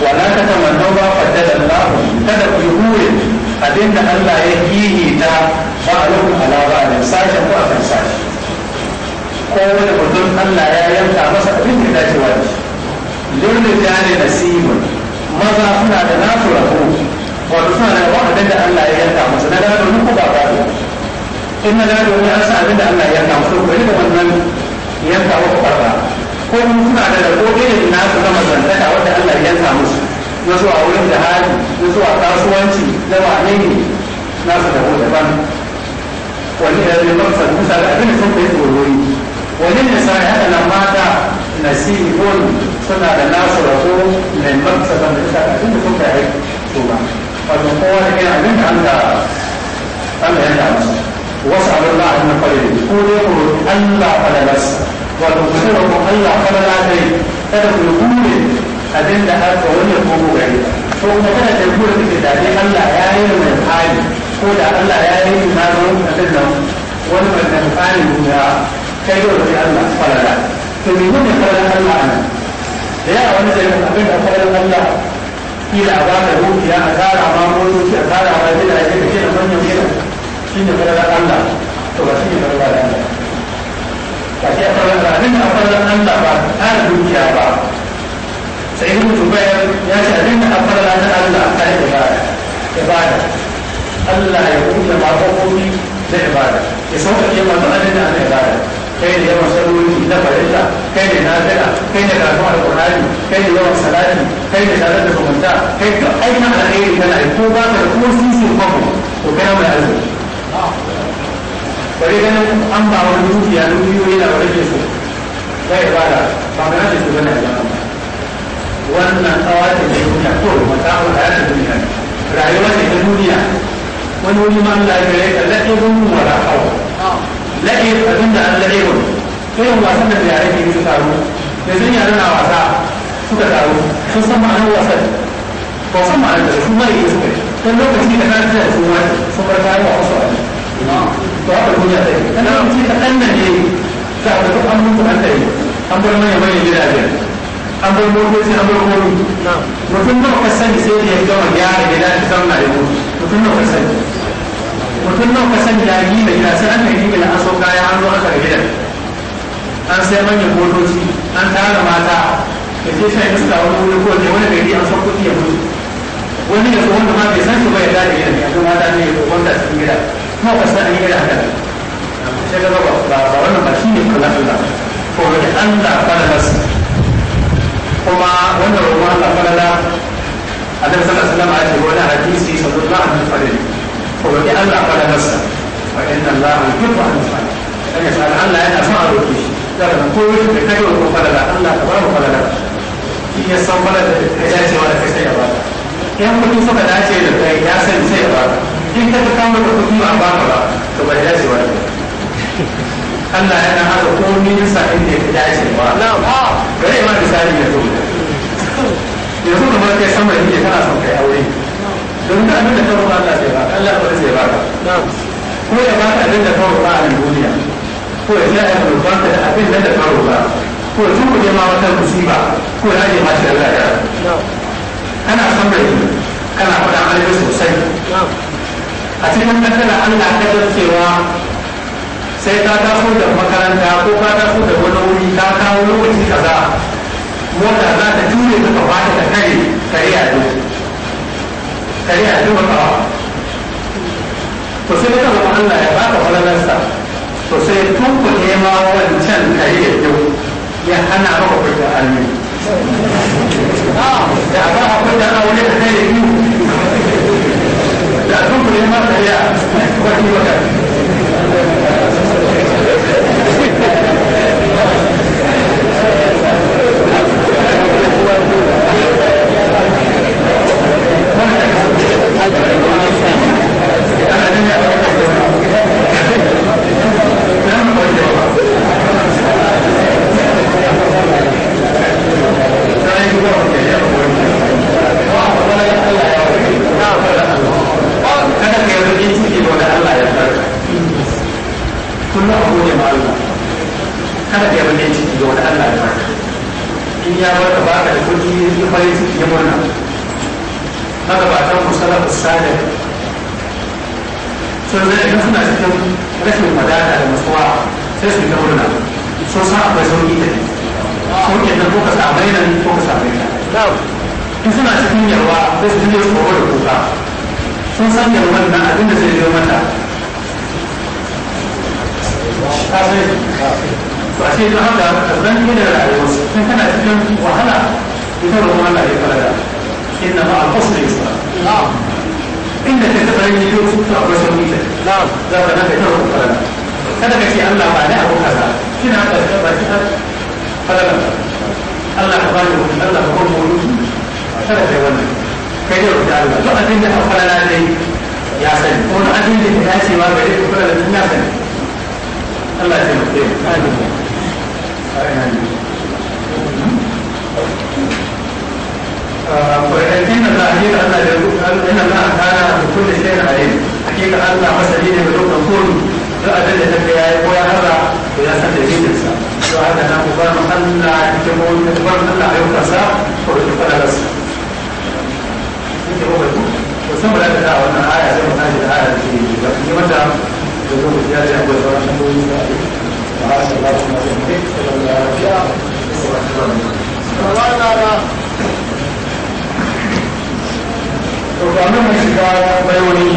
Speaker 1: wala ta tamannu ba faddala Allah kada ku yi huwe abinda Allah ya kihi ta ba'alun ala ba'alin sashen ko a kan akan ko wani mutum Allah ya yanka masa abin da dacewa da shi lullu ta ne nasibin maza suna da nasu rabo wato suna da abin da Allah ya yanka masa na gado muku ba ba in na gado ne an sa abin da Allah ya yanka masa ko da wannan yanka ko barba ko suna da rabo irin nasu na mazantaka wanda Allah ya yanka musu na zuwa wurin da hali na zuwa kasuwanci na wane ne nasu da wani daban wani da zai mafisa da misali abin da sun kai tsorori wani ne sa haka nan mata na nasibun suna da nasu rabo mai mafisa da misali abin da sun kai ba wato kowa da yana abin da an da Allah ya da masu wasu abin da abin da kwalle ko dai ko Allah kwalalarsa wato ku sai Allah kwalalar dai kada ku yi abin da har ga wannan koko gari ko kuma kana da kura kake da dai Allah ya yi mai hali ko da Allah ya yi na zama abin nan wani mai da hali guda kai yau da Allah falala to me wannan falala Allah ana da yawa wani zai abin da falala Allah kila ba da rukiya a tsara ma motoci a tsara ma ya kace da manyan gida shine falala Allah to ba shine falala Allah ba shi falala abin da falala Allah ba tsara dukiya ba sai ibn zubair ya ce abin da an fara na Allah ta yi ibada ibada Allah ya kuma makokoki da ibada ya sauka ke masu adadin da ibada kai da yawan sarori na farilla kai da nafila kai da karatun alkurani kai da yawan salati kai da tare da zumunta kai da aina alheri kana yi ko ba ka da ko sisi kwabo ko kana mai arziki bari ganin an ba wani dukiya dukiyoyi na wani ke so kai ibada ba kana da shi bane da wannan tsawa ta zai da ko mata ko ta ta duniya rayuwa ce ta duniya wani wuri ma Allah ya gare ka laɗe gun mu wala kawo laɗe abin da Allah ya yi irin wasan da yare ke su taro da sun yare na wasa suka taro sun san ma'anar wasan ba san ma'anar da su mai yi suka yi dan lokaci da kan da sun wani sun bar kayan wa wasu wani to haka duniya ta yi dan lokaci da kan nan ne ta a ga an mutu an ta yi an bar manya manyan gidajen an bar gobe sai an bar gobe mutum nawa ka sani sai da ya gama gyara gida da zauna da gobe mutum nawa ka sani mutum nawa ka sani ya yi da gida sai an kai gida an so kaya an zo aka da gidan an sai manyan motoci an tara mata da ke shan iska wani wuri ko ne wani gari an san kuɗi ya mutu wani ya so wanda ma bai san shi ba ya da gidan ya zo mata ne ya zo wanda cikin gida nawa ka sani gida haka sai ga ba ba wannan ba shi ne kula da ko da Allah fara masa kuma wannan ruwa ta falala a sallallahu sana wasallam ma ake wani hadisi sallallahu alaihi wasallam ko wani an Allah falalarsa fa inna Allah yuhibbu al-fadl sai ya Allah yana son a roƙe shi kada ko wani da kai ko falala Allah ka ba mu falala shi ya san falala da ya ce wa da kai ya ba yan kuɗi suka dace da kai ya san sai ya ba in ka kama da kuɗi ba ba ba to ba ya ce wa da Allah yana haka komai nisa inda ya fi dace ba. Na'am. Bare ma misali ya zo. yanzu da kai sama yake kana son kai aure don da abin da ta roƙa Allah zai ba Allah ba zai ba ko ya ba ka abin da ka roƙa a duniya ko ya sa ya roƙa ka abin da ka roƙa ko tun tuku ma wata musiba ko ya rage mata shi da lafiya kana son mai kana faɗa alheri sosai a cikin matsala Allah ka san cewa sai ka taso da makaranta ko ka taso da wani wuri ka kawo lokaci kaza Wanda za ta jure ta kafa ta ta kare kare a duk kare a duk wata to sai ka zama Allah ya baka falalarsa to sai ku nema wancan kare ya duk ya hana maka fita almi ah, da a ba akwai da ana wani da kare biyu da ku nema kare a wani wakati to kamin mu shiga bayoni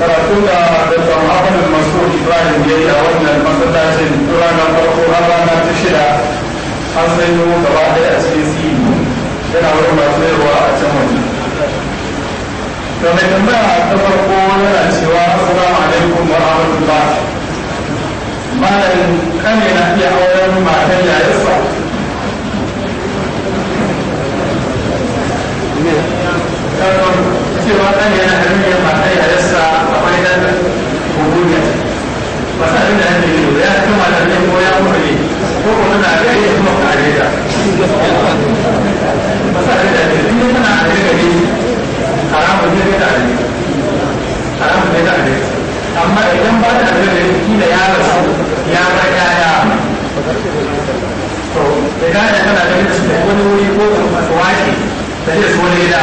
Speaker 1: karatu da da masu Masud Ibrahim ya yi a wannan masallacin ranar farko har rana ta shida an sanyo gaba ɗaya a cikin sini yana wurin masu yarwa a can waje to mai tambaya ta farko yana cewa assalamu alaikum wa rahmatullah malam kane na iya auren matan yayarsa musamman cewa ɗan yana hannun ya mata yarsa a nan hukumiya ba sa da ake yi ya fi mata ne ko ya kuma ne ko kuma na ga iya kuma kare ta ba sa da ake yi ne a daga ne haramun ne ta ne haramun ne ta ne amma idan ba ta da ne kila ya rasu ya bar yaya to da gane tana da wani wuri ko kuma wani da zai so ne da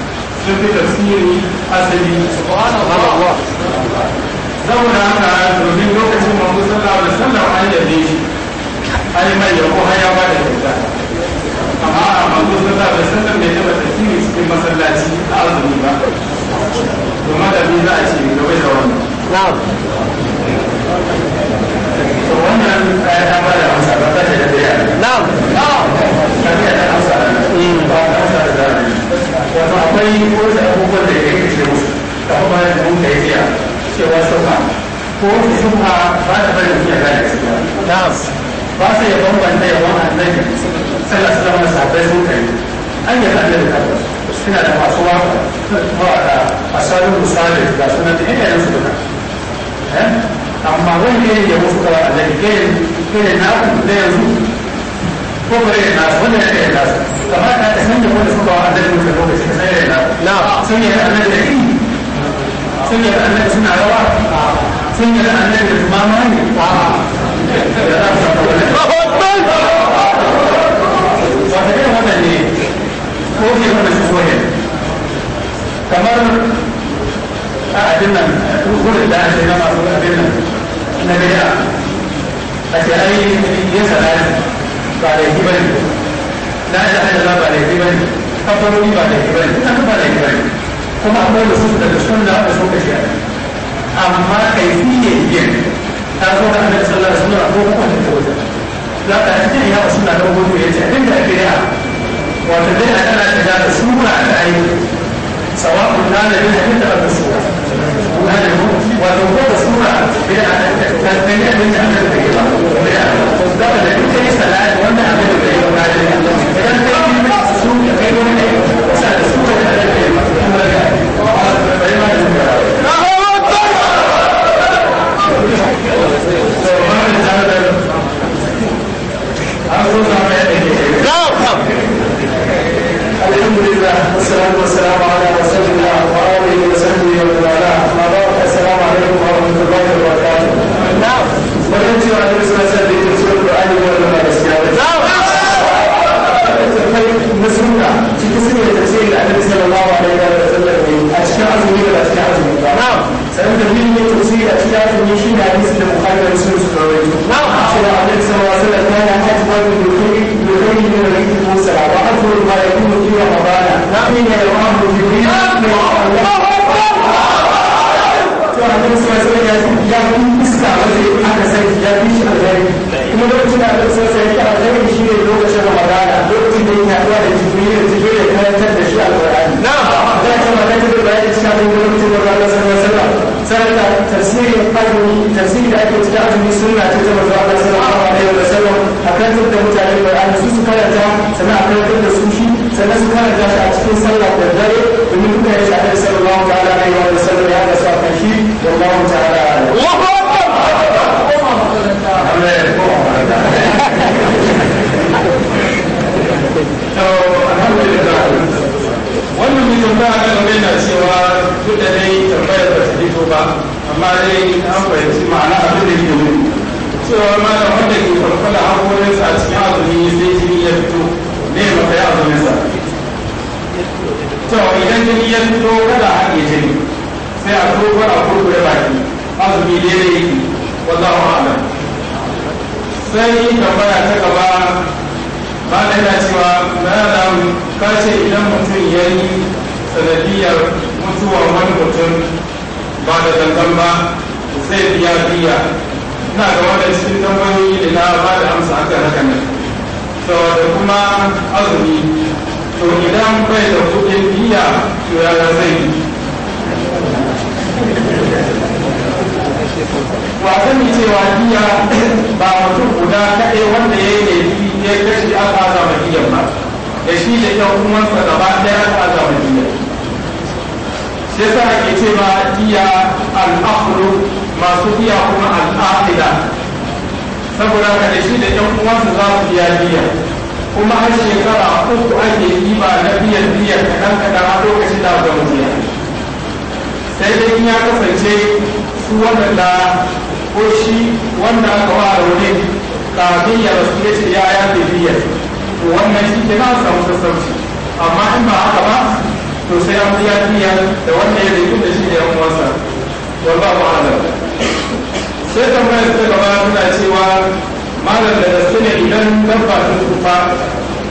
Speaker 1: sun fi tafsiri asali subhanallah saboda haka domin lokacin manzo sallallahu alaihi wasallam an yabe shi an yi mai yabo har ya ba da kyauta amma manzo sallallahu alaihi wasallam bai taba tafsiri cikin masallaci a azumi ba to madami za a ce gaba da malamai sun kai an yi da suna da masu a salon da ina eh? amma wani na ku da yanzu ko ba nasu ya nasu nasu sun yi da yi sun yi suna rawa sun yi da wata irin waɗanne ko ke wanda su soya kamar a abin nan gudun da ake na masu abin nan na gaya a ce ai yin salati ba da yi ba ne na shi hajjala ba da yi ba ne kafarori ba da yi ba ne an ba da yi ba ne kuma akwai da su daga sunna da amma kai ta zo da annabi sallallahu alaihi ko لaka cikin ya wasu na gaba gudu ya ce abin da ake yana wata dai na kana shiga da sura ta aiki sawa'un na da yin abin da ba ta sura na da mu wato ko da sura idan aka ta ta yi abin da aka ta yi ba da da duk yi salati wanda abin da ya yi ba ta yi الحمد لله والصلاة والسلام على رسول الله وآله وصحبه ومن والاه أما بعد السلام عليكم ورحمة الله وبركاته. نعم. ولن تجد أن يسمى سبيل تفسير القرآن ولا الأسياد. نعم. مسؤولة في كسر التفسير النبي صلى الله عليه وسلم أشياء من الأشياء من نعم. سألت في تفسير أشياء من شيء حديث البخاري ومسلم سبحانه. نعم. صلى الله عليه وسلم كان حجبا من الخير من الخير الذين يرونه جميعا to a iska wanda aka sai kuma lokacin da aka sai lokacin ramadana lokacin da ya haɗuwa da jibril da karantar da shi alqur'ani na'am sama da da yake cika da wannan cikin Allah sallallahu sarata tafsiri al-qadri da ake cika da sunna ta jama'a sallallahu alaihi wasallam akan da mutane da an su karanta sannan da da su shi a cikin sallah da dare domin duka ya shafi sallallahu ta'ala alaihi wasallam ya ga sa ibn mutum ba a kan na cewa duk da dai tambayar ba ta fito ba amma dai an fahimci ma'ana abin da ke nuni cewa malam wanda ke kwalkwala hankolinsa a cikin azumi sai jini ya fito ne maka ya azuminsa cewa idan jini ya fito kada a haɗe jini sai a kurkur a kurkur baki azumi daidai yake wallahu a'lam sai tambaya ta gaba ba da yana cewa na alamu ka ce idan mutum ya yi sanadiyar mutuwar wani mutum ba da dangan ba zai biya biya ina ga wanda cikin tambayoyi da na ba da amsa aka haka saboda da kuma azumi to idan bai da kuɗin biya to yaya zai yi sani cewa biya ba mutum guda kaɗai wanda ya yi laifi ya kashe aka azama biyan ba da shi da ɗan uwansa gaba ɗaya aka azama biyan sai sa ake cewa biya al'afuru masu biya kuma al'afida saboda ka da shi da ɗan uwansa za su biya biya kuma har shekara uku ake yi ba na biyan biyan kaɗan kaɗan a lokaci da aka biya sai dai ya kasance su waɗanda ko shi wanda aka wa wani kafin ya rasu ya ce ya ya fi biyar to wannan shi ke na samu sassauci amma in ba haka ba to sai an biya biya da wannan ya rikun da shi da yan uwansa wallahu a'lam sai tambayar ta gaba suna cewa malam da gaske ne idan dabba ta tsufa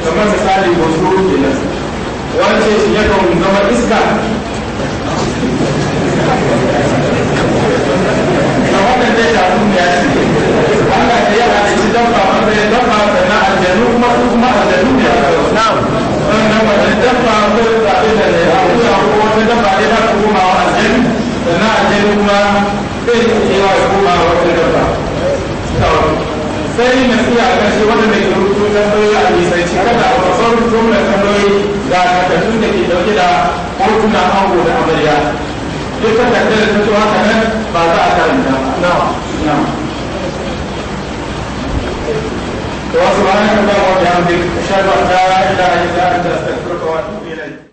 Speaker 1: kamar misali wasu kenan wance shi kawo zama iska wannan dai da mun ya ce Allah ya ba mun bai dan ba aljanu kuma kuma aljanu ne na'am wannan wannan dan ba ko da da ne abu da ko wata dan ta kuma wa aljanu sana aljanu kuma bai ce wa kuma wata dan ba sai nasiha a kashe waɗanda ke rubutu tambayoyi a nisanci kada a fasar rubutu da ke dauke da da amarya dukkan takardar da fito haka nan ba za a karanta na'am na'am وسبحانك اللهم وبحمدك اشهد ان لا اله الا انت استغفرك